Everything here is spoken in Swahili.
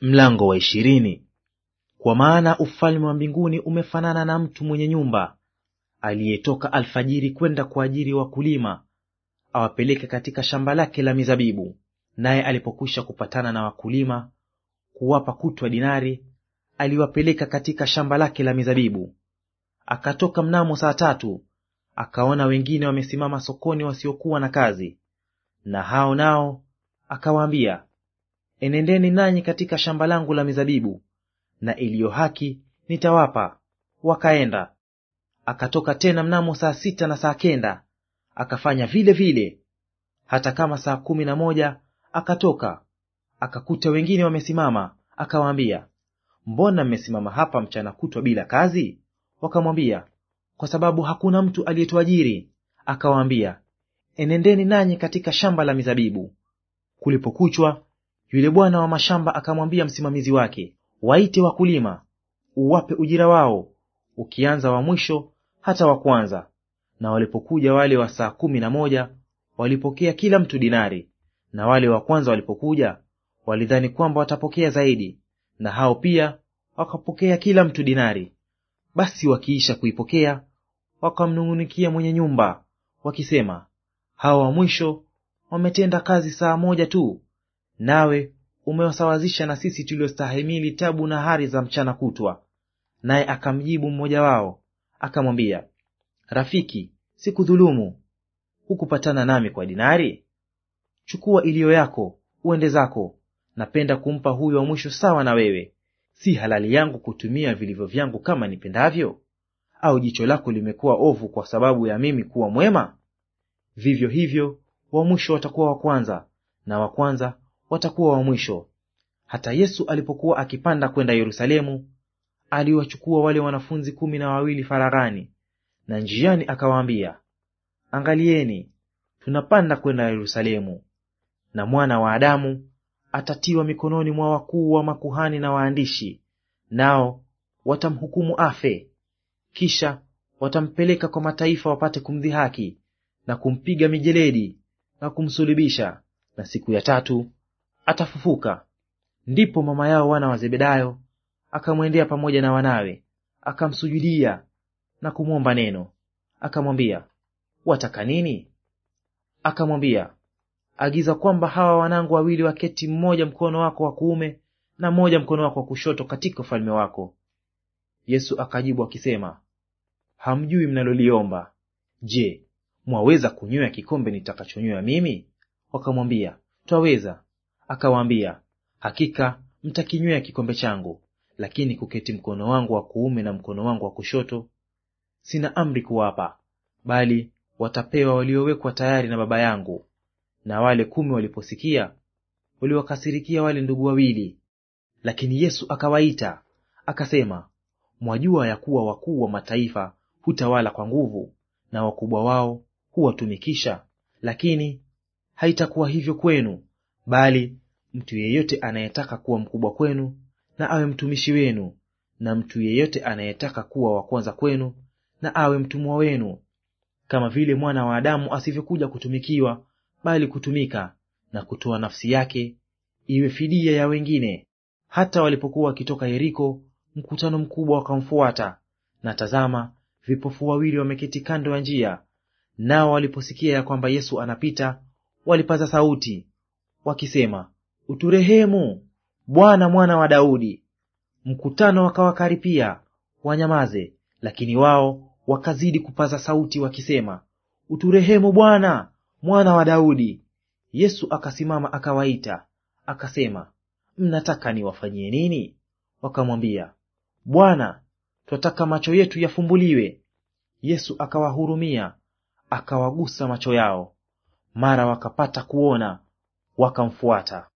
Mlango wa ishirini. Kwa maana ufalme wa mbinguni umefanana na mtu mwenye nyumba aliyetoka alfajiri kwenda kuajiri wakulima awapeleke katika shamba lake la mizabibu. Naye alipokwisha kupatana na wakulima kuwapa kutwa dinari, aliwapeleka katika shamba lake la mizabibu. Akatoka mnamo saa tatu, akaona wengine wamesimama sokoni wasiokuwa na kazi, na hao nao akawaambia enendeni nanyi katika shamba langu la mizabibu, na iliyo haki nitawapa. Wakaenda. Akatoka tena mnamo saa sita na saa kenda akafanya vile vile. Hata kama saa kumi na moja akatoka akakuta wengine wamesimama, akawaambia, mbona mmesimama hapa mchana kutwa bila kazi? Wakamwambia, kwa sababu hakuna mtu aliyetuajiri. Akawaambia, enendeni nanyi katika shamba la mizabibu. Kulipokuchwa, yule bwana wa mashamba akamwambia msimamizi wake, waite wakulima, uwape ujira wao, ukianza wa mwisho hata wa kwanza. Na walipokuja wale wa saa kumi na moja walipokea kila mtu dinari, na wale wa kwanza walipokuja walidhani kwamba watapokea zaidi, na hao pia wakapokea kila mtu dinari. Basi wakiisha kuipokea wakamnung'unikia mwenye nyumba, wakisema, hawa wa mwisho wametenda kazi saa moja tu, nawe umewasawazisha na sisi tuliostahimili tabu na hari za mchana kutwa. Naye akamjibu mmoja wao akamwambia, rafiki, sikudhulumu. Hukupatana nami kwa dinari? Chukua iliyo yako uende zako. Napenda kumpa huyo wa mwisho sawa na wewe. Si halali yangu kutumia vilivyo vyangu kama nipendavyo? Au jicho lako limekuwa ovu kwa sababu ya mimi kuwa mwema? Vivyo hivyo wa mwisho watakuwa wa kwanza, na wa kwanza watakuwa wa mwisho. Hata Yesu alipokuwa akipanda kwenda Yerusalemu, aliwachukua wale wanafunzi kumi na wawili faraghani, na njiani akawaambia, Angalieni, tunapanda kwenda Yerusalemu, na mwana wa Adamu atatiwa mikononi mwa wakuu wa makuhani na waandishi, nao watamhukumu afe, kisha watampeleka kwa mataifa wapate kumdhihaki na kumpiga mijeledi na kumsulubisha, na siku ya tatu atafufuka. Ndipo mama yao wana wa Zebedayo akamwendea pamoja na wanawe, akamsujudia na kumwomba neno. Akamwambia, wataka nini? Akamwambia, agiza kwamba hawa wanangu wawili waketi, mmoja mkono wako wa kuume na mmoja mkono wako wa kushoto, katika ufalme wako. Yesu akajibu akisema, hamjui mnaloliomba. Je, mwaweza kunywa kikombe nitakachonywa mimi? Wakamwambia, twaweza akawaambia, hakika mtakinywea kikombe changu, lakini kuketi mkono wangu wa kuume na mkono wangu wa kushoto sina amri kuwapa, bali watapewa waliowekwa tayari na Baba yangu. Na wale kumi waliposikia, waliwakasirikia wale ndugu wawili. Lakini Yesu akawaita akasema, mwajua ya kuwa wakuu wa mataifa hutawala kwa nguvu, na wakubwa wao huwatumikisha; lakini haitakuwa hivyo kwenu, Bali mtu yeyote anayetaka kuwa mkubwa kwenu na awe mtumishi wenu, na mtu yeyote anayetaka kuwa wa kwanza kwenu na awe mtumwa wenu, kama vile Mwana wa Adamu asivyokuja kutumikiwa, bali kutumika na kutoa nafsi yake iwe fidia ya wengine. Hata walipokuwa wakitoka Yeriko, mkutano mkubwa wakamfuata. Na tazama, vipofu wawili wameketi kando ya njia, nao waliposikia ya kwamba Yesu anapita, walipaza sauti, wakisema, Uturehemu, Bwana mwana wa Daudi. Mkutano wakawakaripia wanyamaze, lakini wao wakazidi kupaza sauti wakisema, Uturehemu Bwana mwana wa Daudi. Yesu akasimama akawaita, akasema, mnataka niwafanyie nini? Wakamwambia, Bwana, twataka macho yetu yafumbuliwe. Yesu akawahurumia, akawagusa macho yao, mara wakapata kuona, wakamfuata.